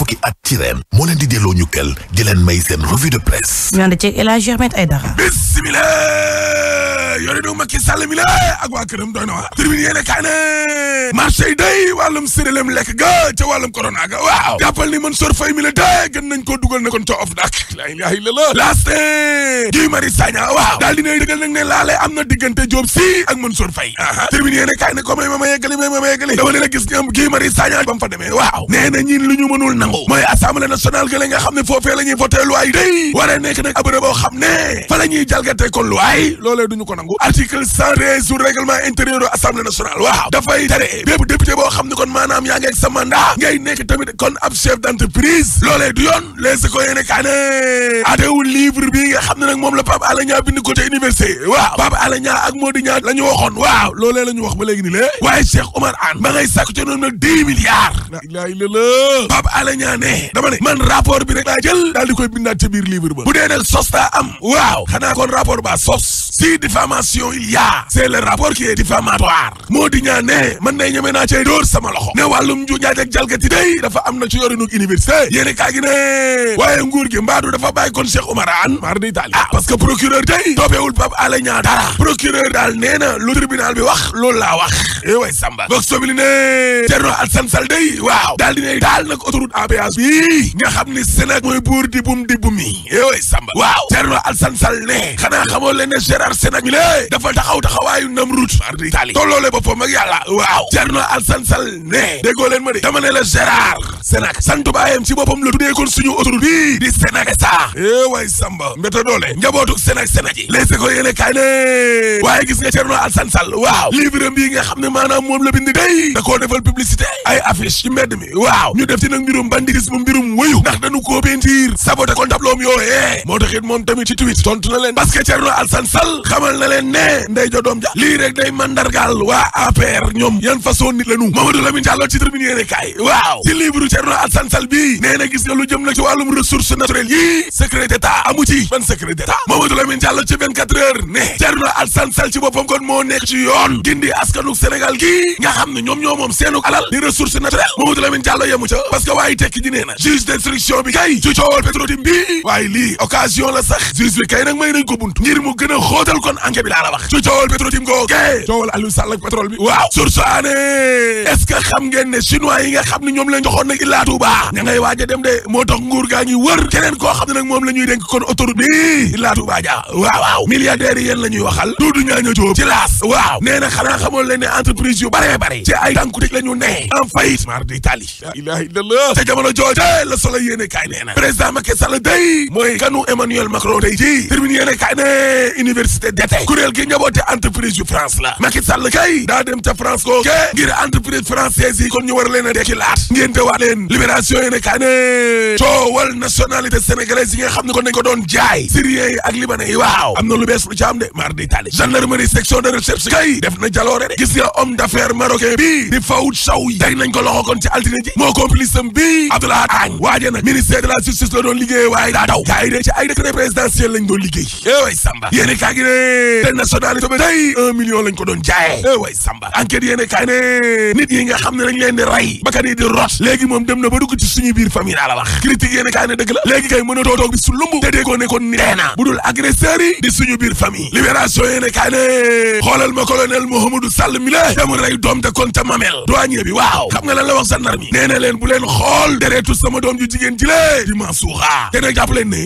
fukki at ci ren delloo ñu kel di revue de presse. ñu ànd ceeg El Hadj Ahmed yore du Macky Sall mi la ak waa këram doy na waa tribune yéene kaa ne marché yi day wàllum sérélem lekk ga ca wàllum corona ga waaw jàppal ni Mansour Faye mi la day gën nañ koo dugal na kon ca of dak laa ilaha illa la laast Guy Marius Sagna waaw daal dinay dëggal nag ne laale am na diggante Diop Sy ak Mansour Faye aa tribune yéene kaa ne ko may ma ma yeggali may ma ma yeggali dama ne la gis ñoom Guy Marius Sagna ba mu fa demee waaw nee na ñin lu ñu mënul nangu mooy assemblée nationale nangu article 100 sur règlement intérieur assemblée nationale waaw dafay tere bépp député boo xam ne kon maanaam yaa ngi ak sa nekk tamit kon ab chef d'entreprise du yoon les écoles yéene kaa ne livre bi nga xam ne nag moom la Pape Alé Niang bind côté université waaw Pape Alé Niang ak Mody Niang la ñu waxoon waaw loolee la wax ba léegi ni lée waaye Cheikh Oumar Anne ma ngay sàkku ci nag dix milliards la ilaha illallah Pape Alé Niang ne dama ne man rapport bi rek laa jël diffamation il y a c'est le rapport qui est diffamatoire moo di ñaa ne man day ñeme naa cay dóor sama loxo ne wàllum ju njaaj ak jalgati day dafa am na ci yorinuk université yéeni kaa gi ne waaye nguur gi mbaadu dafa bàyyi kon Cheikh Oumar Anne mar d' ah, parce que procureur day toppeewul Pape Alé Niang procureur daal nee lu tribunal bi wax loolu laa wax eh way Samba boog sobili ne Thierno Alassane Sall day waaw daal di ne daal nag autoroute à péage nga xam ni Sénégal mooy buur di ne dafa taxaw tolloole boppam ak yàlla waaw Thierno Alassane Sall ne déggoo leen ma de dama ne la Gérard Sénac santu baayam ci boppam la tuddee kon suñu autoroute bii di Sénac sax eh waay Samba mbéta doole njabootu Sénac Sénac yi les ko yéene kaay ne waaye gis nga Thierno Alassane Sall waaw livre bii nga xam ne maanaam moom la bind day da defal publicité ay affiche ci mbedd mi waaw ñu def ci nag mbirum banditisme mbirum wëyu ndax dañu koo leen ne nday jo doom ja lii rek day mandargaal waa APR ñoom yan façon nit la ñu Mamadou Lamine Diallo ci tribune yéene waaw ci livre Thierno Alassane Sall bi nee gis nga lu jëm nag ci wàllum ressources naturelles yii secret d'état amu ci ban secret d'état Mamadou Lamine Diallo ci 24 heures ne Thierno Alassane ci boppam kon moo nekk ci yoon gindi askanuk Sénégal gii nga xam ne ñoom ñoo seenuk alal di ressources naturelles Mamadou Lamine Diallo yemu ca parce que waaye tekki bi laa la wax ci coowal Petro-Tim googu coowal Aliou Sall ak pétrole bi waaw sursaane parce que xam ngeen ne chinois yi xam ne ñoom lañ joxoon nag illaa Touba ña ngay a dem de moo tax nguur gaa ngi wër keneen koo xam ne nag moom la ñuy dénk kon autoroute bi illaa Touba ja waaw waaw milliardaires yi yéen la ñuy waxal duudu ñaaña jóob ci laas waaw nee xanaa xamoon leen ne entreprise yu bare bare ci ay tànku tëj la ñu ne en faillite mar d'Italie la ilaha illallah te jamono jooje la solo yéene kaay nee na président Macky Sall day mooy kanu Emmanuel Macron française yi kon ñu war leen a dekki laat ngeen te waat leen libération yi ne kon dañ ko doon jaay syriens ak libanais yi waaw am na lu bees de mar di tali gendarmerie section de recherche kay def na jaloore de gis nga homme d'affaires marocain bii di Fawd Chawi teg nañ ko loxo kon ci altine ji moo complice am bii Abdoulaye Agne waaje nag ministère de la justice la doon liggéey waaye daa daw de ci ay décret présidentiel yi nga xam ne dañ leen di rey bakkan yi di rot léegi moom dem na ba dugg ci suñu biir famille la wax critique yéen kaay ne dëgg la léegi kay mën a su lumb te déggoo ne kon ma colonel Mouhamadou Sall mi la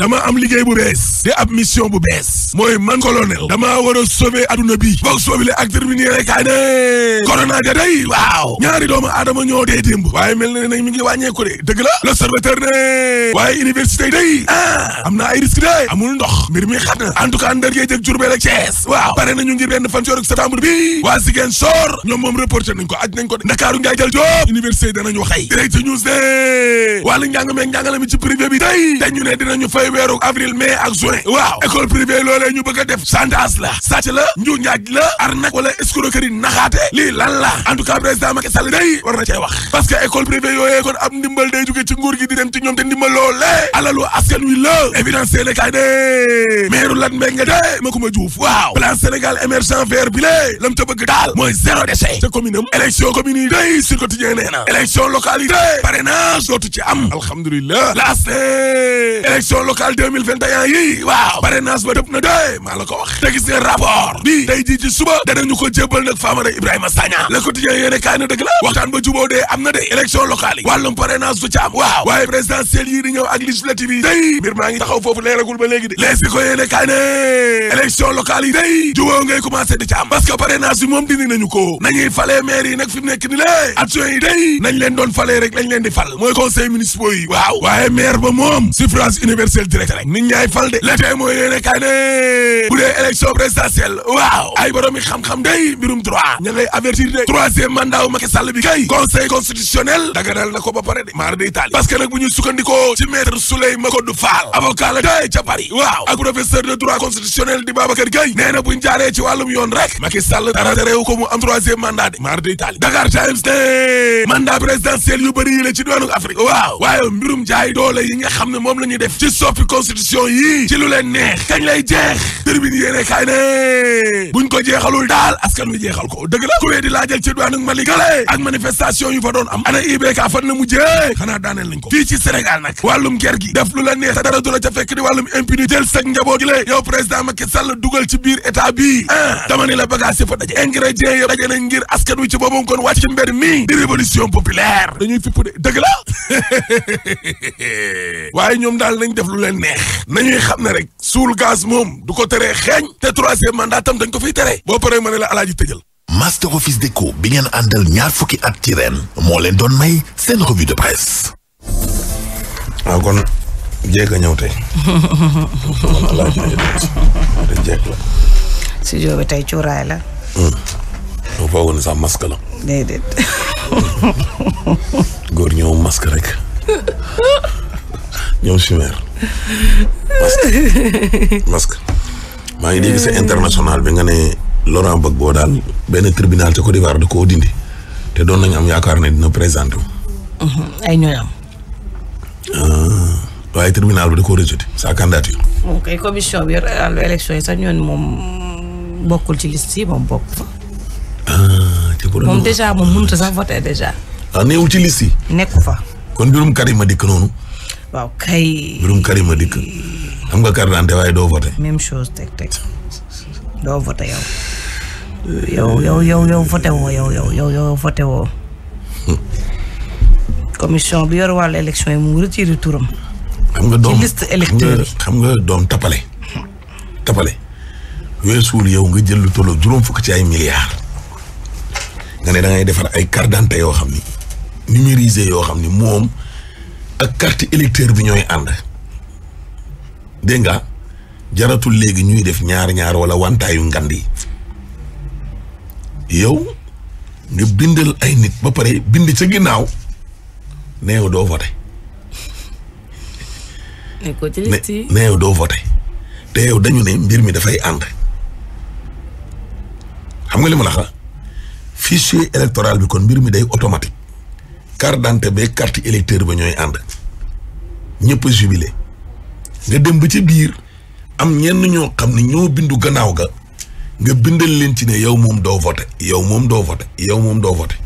dama am liggéey bu bees te ab mission bu bees mooy man colonel dama war a adduna bi boog soobi le ak terminé rek kaay ne corona da waaw ñaari doomu aadama ñoo dee démb waaye mel na ne mi ngi wàññeeku de dëgg la l'observateur ne waaye université day ah, am na ay de amul ndox mbir mi xat na en tout cas ndar jëg Jurbel ak waaw pare nañu ngir benn fan yoru septembre bi waa Ziguinchor ñoom moom reporté nañ ko aj nañ ko de Ndakaaru ngaay jël job université danañu xëy mi ci bi day dañu ne dinañu fay weeru avril mai ak juin waaw école privée loolee ñu bëgg a def chantage la sàcc la nju njaaj la arnaque wala escroquerie la en tout Macky Sall day war na cee wax parce que école privée yooyee kon am ndimbal day jóge ci nguur gi di dem ci ñoom te ndimbal loole alalu askan wi la évidence yéene kaay ne meeru lan mbénge de ma ko ma juuf waaw plan Sénégal émergent vert bi lé lam ca bëgg daal mooy zéro déchet ca commune sur quotidien nee na élection locale yi day parrainage dootu ci am alhamdulilah laas ne élection locale 2021 yi waaw parrainage ba dëpp de maa la ko wax te gis nga rapport bi day dëgg la waxtaan ba juboo dee am na de élection locale waaw waaye présidentielle yi di ñëw ak législative yi day mbir maa ngi taxaw foofu leeragul ba léegi de lees ko yéene kaay ne élection locale juboo ngay commencé di ci am parce que parrainage bi moom nañu ko nañuy falee maire yi fi mu nekk ni lé action yi day nañ leen doon falee rek lañ leen di fal mooy conseil municipal yi waaw waaye maire ba moom suffrage universel direct rek nit ñaay fal de la Sall bi kay conseil constitutionnel daganal na ko a pare de maar de Italie parce que nag bu ñu sukkandikoo ci maître Souley Makodou Fall avocat la tey ca Paris waaw ak professeur de droit constitutionnel di Babacar Gueye nee na bu ñu jaaree ci wàllum yoon rek Macky Sall dara terewu ko mu am troisième mandat de maar de Italie Dakar Times ne mandat présidentiel yu bëri ci diwaanu Afrique waaw waaye mbirum jaay doole yi nga xam ne moom la ñuy def ci soppi constitution yii ci lu leen neex kañ lay jeex tribune yéene kaay ne buñ ko ko dëgg la ku ak manifestation yu fa doon am ana IBK fan la mujjee xanaa daaneel nañ ko fii ci Sénégal nag wàllum ger gi def lu la neex te dara du ca fekk di wàllum impunité jël sag njaboot gi la yow président Macky dugal ci biir état bi ah dama la bagage yi fa daje ingrédients yi daje nañ ngir askan wi ci boobam kon wàcc ci mbedd mi di révolution populaire dañuy fipp de dëgg la waaye ñoom daal nañ def lu leen neex nañuy xam ne rek suul gaz moom du ko teree xeeñ te ko fiy tere boo paree ma ne la alaaji master office déco bi ngeen fukki at ci ah, a ñëw tey. studio bi tey hmm. maa ngi dégg sa international bi nga ne. Laurent Gbagbo daal benn tribunal ca Côte d'Ivoire da koo te doon nañu am yaakaar ne dina présenté wu. Mm-hmm. ay ñooñu am. Ah, waaye tribunal bi da koo rejeté sa candidature. ok sax ñoon moom bokkul ci liste yi moom bokk fa. ci ah, moom déjà moom mënut a sax voté déjà. ah néewul ci liste yi. fa. kon mbirum Karima dikk noonu. waaw kay. mbirum Karima dikk. am nga carte d'identité waaye doo voté. doo voté yow yow yow yow voté woo yow yow yow yow voté commission bi yor wàllu élection yi mu retiré turam. xam nga doom ci tapale. tapale weesuul yow nga jël lu tolloo juróom fukk ci ay milliards. nga ne da defar ay carte yoo xam ni numérisé yoo xam ni moom ak carte électeur bi ñooy ànd. dégg nga jaratul léegi ñuy def ñaar ñaar wala wantaayu ngand yi. yow ñu bindal ay nit ba pare bind ca ginnaaw ne yow doo voté. ne ci liste yi doo voté te yow dañu ne mbir mi dafay ànd. xam nga li ma la wax fichier électoral bi kon mbir mi day automatique carte d'identité ba carte électeur ba ñooy ànd ñëpp a nga dem ba ci biir am ñenn ñoo xam ne ñoo bindu gannaaw ga. nga bindal leen ci ne yow moom doo voté yow moom doo voté yow moom doo voté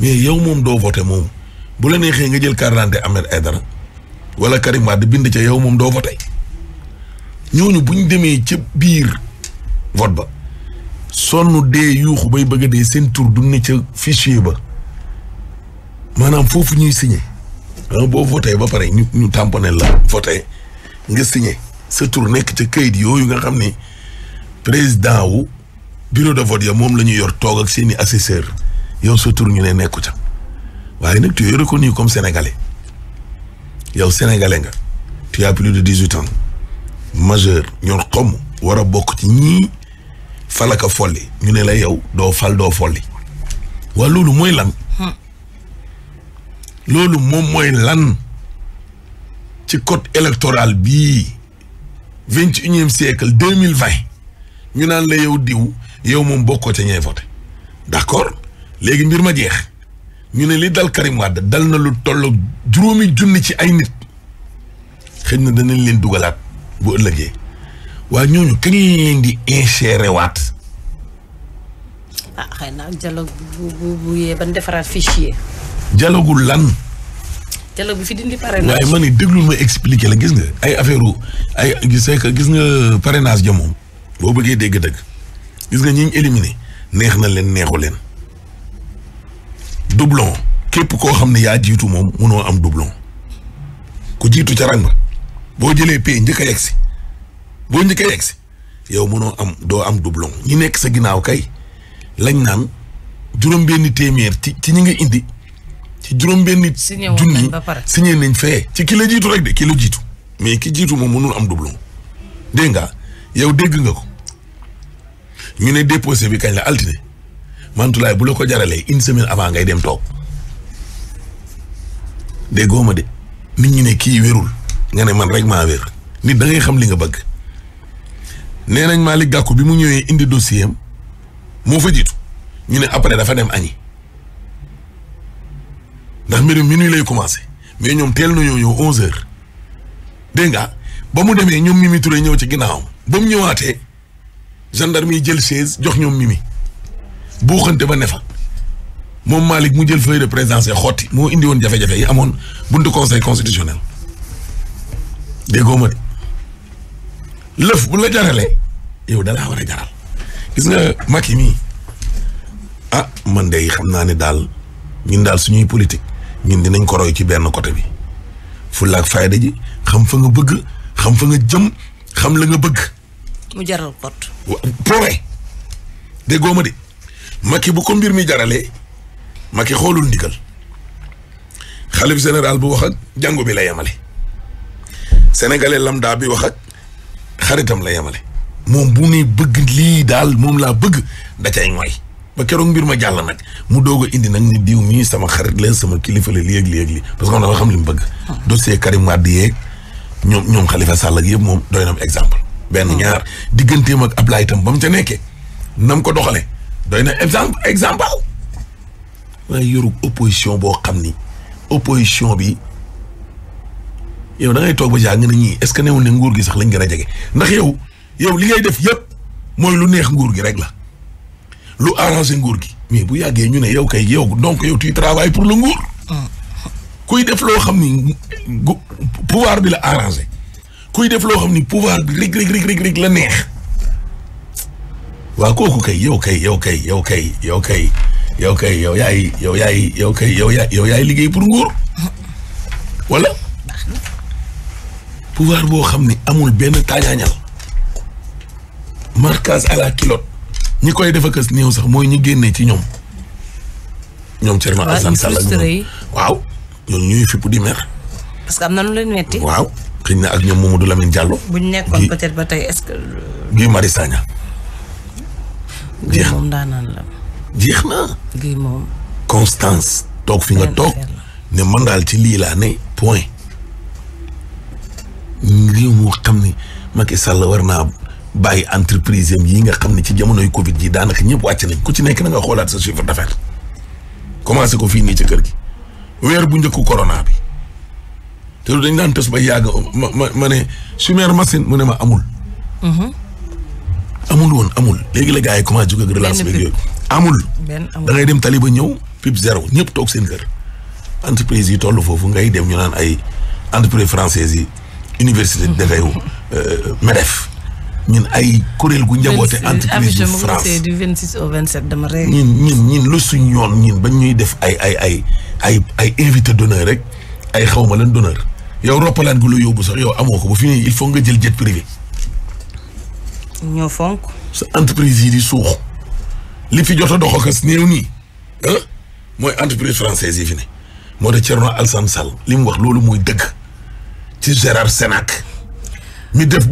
mais yow moom doo voté moom bu la neexee nga jël carte d'identité Ahmed Aidara wala Karim Wade bind ca yow moom doo voté ñooñu bu ñu demee ca biir vote ba sonn dee yuuxu bay bëgg a dee seen tur du ne ca fichier ba maanaam foofu ñuy signé ah boo voté ba pare ñu ñu tamponné la voté nga signé sa tur nekk ca kayit yooyu nga xam ni président wu bureau de vote ya moom la ñu yor toog ak seeni assesseur yow sa ñu ne nekku ca waaye nag tu es reconnu comme sénégalais yow sénégalais nga tu as plus de dix huit ans majeur ñor xomm war a bokk ci ñii falaka folli ñu ne la yow doo fal doo folli waa loolu mooy lan loolu moom mooy lan ci code électoral bi vingt et unième siècle deux mille vingt ñu naan la yow diw yow moom bokkoo ca ñay voté d'accord léegi mbir ma jeex ñu ne li dal Karim Wade dal na lu toll juróomi junni ci ay nit xëy na danañ leen dugalaat bu ëllëgee waaye ñooñu kañ lañ leen di insérer waat. ah xëy na dialogue bu bu bu yee ban defaraat fichier. dialogue lan. dialogue bi fi dindi parrainage. waaye ma ne déglul ma la gis nga ay affaire ay gis gis nga parrainage ja moom boo bëggee dégg dëgg gis nga ñi ñu éliminé neex na leen neexu leen doublon képp koo xam ne yaa jiitu moom munoo am doublon ku jiitu ca rang boo jëlee pay njëkk yegg si boo njëkk a yegg si yow munoo am doo am doublon ñi nekk sa ginnaaw kay lañ naan juróom-benni téeméer ci ci ñi nga indi ci juróom-benni. junni signé nañ fee ci kilo la jiitu rek de ki jiitu mais ki jiitu moom mënul am doublon dégg nga yow dégg nga ko. ñu ne déposé bi kañ la altine mantulaay bu la ko jaralee une semaine avant ngay dem toog déggoo ma de nit ñi ne kii wérul nga ne man rek maa wér nit da xam li nga bëgg nee nañ li Gakou bi mu ñëwee indi dossier am moo fa jiitu ñu ne après dafa dem añi ndax mbirum minuit lay commencé mais ñoom teel na ñoo ñëw onze dégg nga ba mu demee ñoom Mimi Touré ñëw ci ginnaawam ba mu ñëwaatee. gendarme yi jël chaise jox ñoom mimi buuxante ba ne fa moom Malick mu jël feuille de présence yi xotti moo indi woon jafe-jafe yi amoon buntu conseil constitutionnel déggoo ma de lëf bu la jaralee yow dalaa war a jaral gis nga Macky mii ah man de xam naa ni daal ñun daal suñuy politique ñun dinañ ko roy ci benn côté bi fulla ak fayda ji xam fa nga bëgg xam fa nga jëm xam la nga bëgg. mu jaral kot. point déggoo ma de Macky bu ko mbir mi jaralee Macky xoolul ndigal xalif général bu wax ak jàngu bi la yemale sénégalais lambda bi wax ak xaritam la yemale moom bu ne bëgg lii daal moom laa bëgg da cay mooy ba keroog mbir ma jàll nag mu doog a indi nag ni diw mii sama xarit leen sama kilifa la lii ak lii parce que moom dafa xam li mu bëgg. Ah. dossier Karim Wade yeeg ñoom ñoom Khalifa Sall ak moom doy na exemple. benn ah. ñaar digganteem ak Ablaye itam ba mu ca nekkee nam ko doxale doy na exemple exemple waaye yoru opposition boo xam ni opposition bi yow da ngay toog ba jaa nga ne ñii est ce que newul ne nguur gi sax lañ gën a jege ndax yow yow li ngay def yëpp mooy lu neex nguur gi rek la lu arrangé nguur gi mais bu yàggee ñu ne yow kay yow donc yow tu travailles pour le nguur ah. kuy def loo xam ni pouvoir bi la arrangé kuy def loo xam ni pouvoir bi rek rek rek rek la neex waa kooku kay yow kay yow kay yow kay yow kay yow kay yow yaay yow yaay yow kay liggéey pour nguur wala pouvoir boo xam ni amul benn taañaañal marquage à la ñi koy def ak néew sax mooy ñi génne ci ñoom ñoom Thierno Alassane Sall waaw ñooñu ñuy fipp di mer. parce am na lu leen metti waaw. xëy na ak ñoom Mamadou Lamine Diallo. bu ñu nekkoon peut-être ba tey est-ce que. Guy Marius Sagna. jeex moom daanaan jeex na. Guy moom. Constance toog fi nga toog ne man daal ci lii laa ne point. réew moo xam ne Macky Sall war naa bàyyi entreprise am yi nga xam ne ci jamonoy Covid ji daanaka ñëpp wàcc nañ ku ci nekk na nga xoolaat sa chiffre d'affaires commencé ko fii nii ci kër gi weer bu njëkku corona bi te dañ daan pes ba yàgg ma ma ma ne chimère machine mu ne ma amul. Mhm. amul woon amul léegi la gars yi commencé jóg ak relance bi yooyu amul da dem tali ba ñëw pip zéro ñëpp toog seen kër entreprise yi toll foofu ngay dem ñu naan ay entreprise française yi université de mhm. Ndakaaru euh, MEDEF ñun ay kuréel gu njaboote entreprise bu France du 26 au 27 dama rek ñun ñun lu suñ yoon ñun bañ ñuy def ay ay ay ay ay invité d'honneur rek ay xawma lan d'honneur yow roppalaan gu la yóbbu sax yow amoo ko ba fi ne il faut nga jël jet privé. ñoo fonk. sa entreprise yi di suux li fi jot a dox ak néew nii mooy entreprise française yi fi ne moo tax Thierno Alassane Sall li mu wax loolu mooy dëgg ci Gérard Sénac mi def.